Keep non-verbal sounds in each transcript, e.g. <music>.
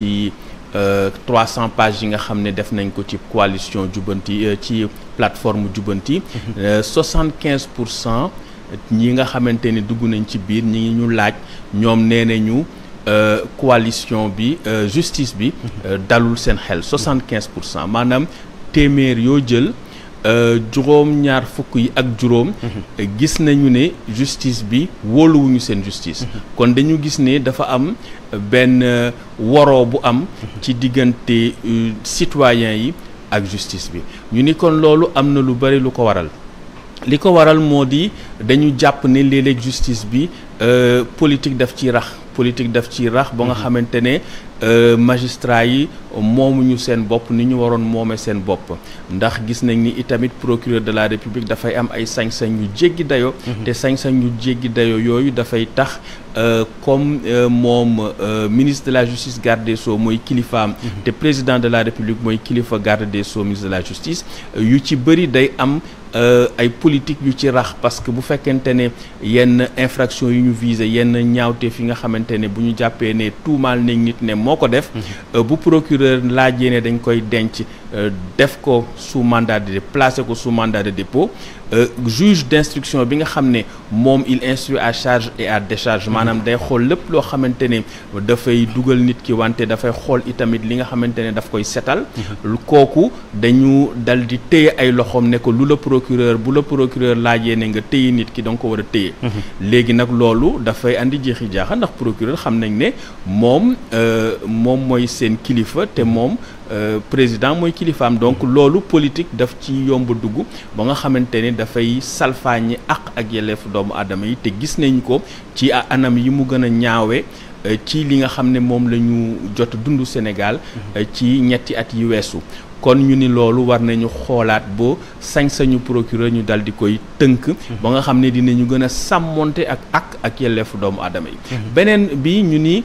ci euh, trois cent pages yi nga xam ne def nañ ko ci coalition jubanti euh, ci plateforme jubanti mhm. euh, soixante quinze pour cent ñi nga xamante ne dugg nañ ci biir ñi ngi ñu laaj ñoom nee nañu coalition bi justice bi mhm. dalul seen xel soixante quinze pour cent maanaam téeméer yoo jël Euh, juróom ñaar fukk yi ak juróom mhm. gis nañu ne justice bi wóoluwuñu seen justice mhm. kon dañu gis ne dafa am benn euh, waroo bu am mhm. ci diggante euh, citoyen yi ak justice bi ñu ni kon loolu am na lu bari lu ko waral li ko waral moo di dañu jàpp ne léeg-léeg justice bi politique daf ci rax politique daf ci rax ba nga xamante ne euh, magistrat yi ñu seen bopp ni ñu waroon moomee seen bopp ndax gis nañ ni itamit procureur de la république dafay am ay sañ-sañ yu jéggi dayo mhm. te sañ-sañ yu jéggi dayo yooyu dafay tax euh, comme euh, moom ministre de la justice garde des sceaux mooy kilifaam mhm. te président de la république mooy kilifa garde des sceaux ministre de la justice yu ci bëri day am Euh, ay politique du ci rax parce que bu faites qu'un yenn infraction a ñu infraction yenn vise yi nga xamante ne bu ñu jàppee ne tuumaal nañ nit ne moo def mhm. euh, bu procureur la ne dañ koy denc euh, def ko sous mandat de place ko sous mandat de dépôt juge d'instruction bi nga mom il instruit à charge et à décharge mhm. maanaam day le plus loo xamante ne dafay dugal nit ki wante dafay xool itamit li nga xamante ne daf koy setal mhm. kooku dañu dal di téye ay loxoom ne ko lu la procureur bu la procureur laajee ne nga téye nit ki da nga ko war a téye. Mhm. léegi nag loolu dafay andi jeexi jaaxa ndax procureur xam nañ ne moom euh, moom mooy seen kilifa te mhm. moom euh, président mooy kilifaam donc mhm. loolu politique daf ci yomb dugg ba nga xamante ne dafay salfaañi àq ak yelleefu doomu aadama yi te gis nañ ko ci anam yi mu gën a ñaawee. Euh, ci li nga xam ne moom la ñu jot dundu Sénégal mhm. euh, ci ñetti at yi weesu kon ñu ni loolu war nañu xoolaat boo sañ-sañu procureur ñu dal di koy tënk mhm. ba nga xam ne dinañu gën a sàmmonte ak ak ak yelleefu doomu aadama yi mhm. beneen bi ñu ni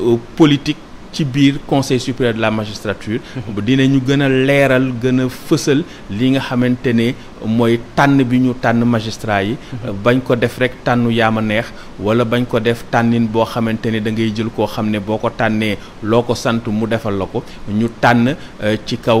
Euh, politique ci biir conseil supérieur de la magistrature <laughs> dinañu gën a leeral gën a fësal li nga xamante ne mooy tànn bi ñu tànn magistrat yi mm-hmm. euh, bañ ko def rek tànnu yaama neex wala bañ ko def tànnin boo xamante ne da ngay jël koo xam ne boo ko tànnee loo ko sant mu defal la ko ñu tànn euh, ci kaw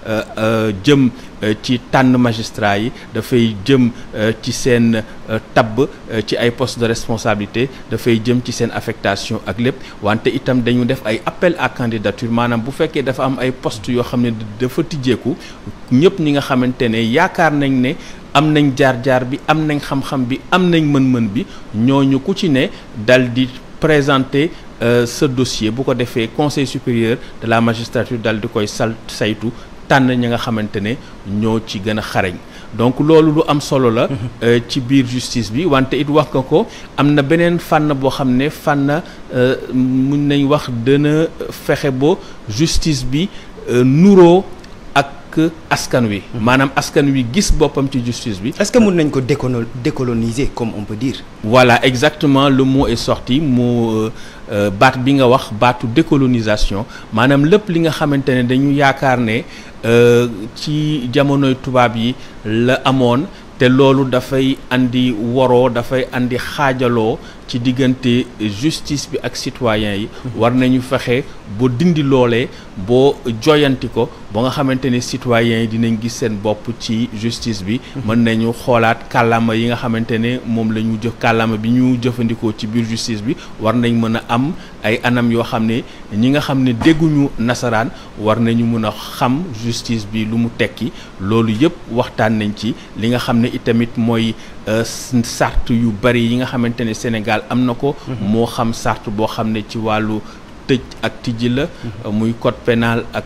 Euh, euh, jëm euh, ci tànn magistrat yi fay jëm ci ci ay poste de responsabilité jëm ci affectation ak lepp wante itam dañu def ay appel à candidature manam bu dafa am ay poste yo xamné ñi nga am nañ jaar-jaar bi am nañ xam-xam bi am nañ bi présenter ce dossier beaucoup conseil supérieur de la magistrature dal tànn ñi nga xamante ne ñoo ci gën a xarañ donc loolu lu am solo la mm-hmm. euh, ci biir justice bi wante it wax nga ko am na beneen fànn boo xam ne fànn euh, mun nañ wax dana fexe ba justice bi euh, nuroo que askan wi. askan wi gis Voilà ci justice est-ce que ko décoloniser comme on peut dire. voilà exactement le mot est sorti mu euh, euh, bat bi nga wax décolonisation maanaam lépp li nga de dañu euh, ci jamonoy yi la te andi da andi Hajalo, ci Diganti, justice bi ak citoyen yi mm-hmm. war nañu fexe bo dindi ba nga xamante ni citoyens yi dinañ gis seen bopp ci justice bi mhm. mën nañu xoolaat kàllaama yi nga xamante ne moom la ñu jëf kàllaama bi ñu jëfandikoo ci biir justice bi war nañ mën a am ay anam yoo xam ne ñi nga xam ne dégguñu nasaraan war nañu mën a xam justice bi lu mu tekki loolu yëpp waxtaan nañ ci li nga xam ne itamit mooy euh, sart yu bari yi nga xamante ne Sénégal am na ko mhm. moo xam sart boo xam ne ci wàllu tëj ak tijji la mhm. muy code pénal ak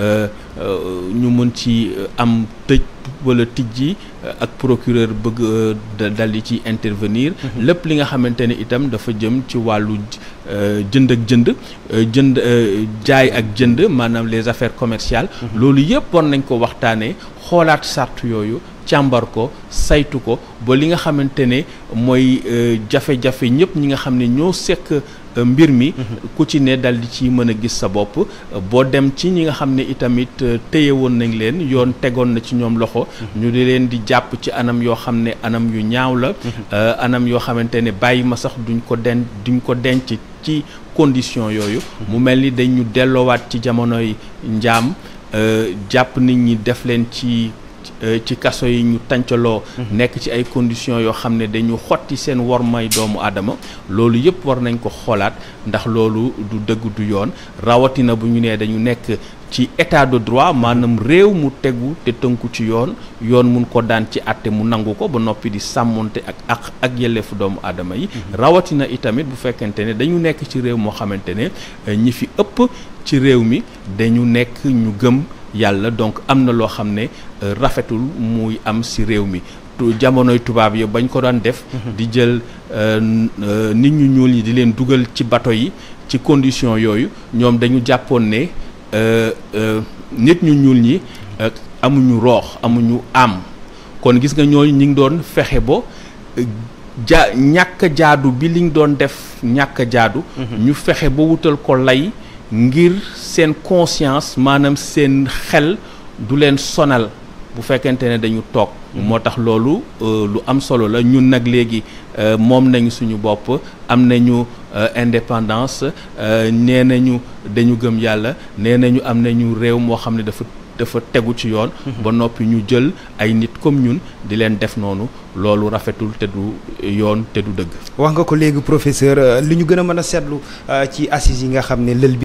Euh, euh, ñu mën ci euh, am tëj wala tijji ak procureur bëgg dal di ci intervenir mhm. lépp li nga xamante ne itam dafa jëm ci wàllu jënd ak jënd jënd jaay ak jënd maanaam les affaires commerciales mhm. loolu yëpp war nañ ko waxtaanee xoolaat sart yooyu càmbar ko saytu ko ba li nga xamante ne mooy jafe-jafe ñëpp ñi nga xam ne ñoo sekk Euh, mbir mi ku ci ne dal ci mën a gis sa bopp euh, boo dem ci ñi nga xam ne itamit euh, téye woon nañ leen yoon tegoon na ci ñoom loxo ñu di leen di jàpp ci anam yoo xam ne anam yu ñaaw la anam yoo xamante ne bàyyi ma sax duñ ko den duñ ko denc ci condition yooyu mu mel ni dañu delloowaat ci jamonoy njaam jàpp nit ñi def leen ci Euh, ci kaso yi ñu tàncaloo mhm. nekk ci ay conditions yoo xam ne dañu xotti seen war may doomu aadama loolu yëpp war nañ ko xoolaat ndax loolu du dëgg du yoon rawatina bu ñu nee dañu nekk ci état de droit maanaam réew mu tegu te tënku ci yoon yoon mun ko daan ci àtte mu nangu ko ba noppi di sàmmoonte ak ak ak yelleefu doomu aadama yi mhm. rawatina itamit bu fekkente ne dañu nekk ci réew moo xamante ne euh, ñi fi ëpp ci réew mi dañu nekk ñu gëm yàlla donc am na loo xam ne euh, rafetul muy am si réew mi jamonoy tubaab yi bañ ko daan def mhm. di jël euh, euh, nit ñu ñuul ñi di leen dugal ci bato yi ci condition yooyu ñoom dañu jàppoon ne nit ñu ñuul ñi amuñu roox amuñu am kon gis nga ñooñu ñi ngi doon fexe ba ja ñàkk jaadu bi liñ doon def ñàkk jaadu mhm. ñu fexe ba wutal ko lay ngir sen conscience manam sen xel du len sonal bu fekkente ne dañu tok mm-hmm. motax lolu euh, lu am solo la ñun nak legi euh, mom nañu suñu bop am nañu euh, indépendance nee nañu dañu gëm yalla nee nañu am nañu rew mo xam dafa dafa teggu ci yoon mm-hmm. ba noppi ñu jël ay nit comme ñun di leen def rafetul te du yoon te du dëgg wax nga ko léegi professeur li ñu gën a mën a seetlu ci assises yi nga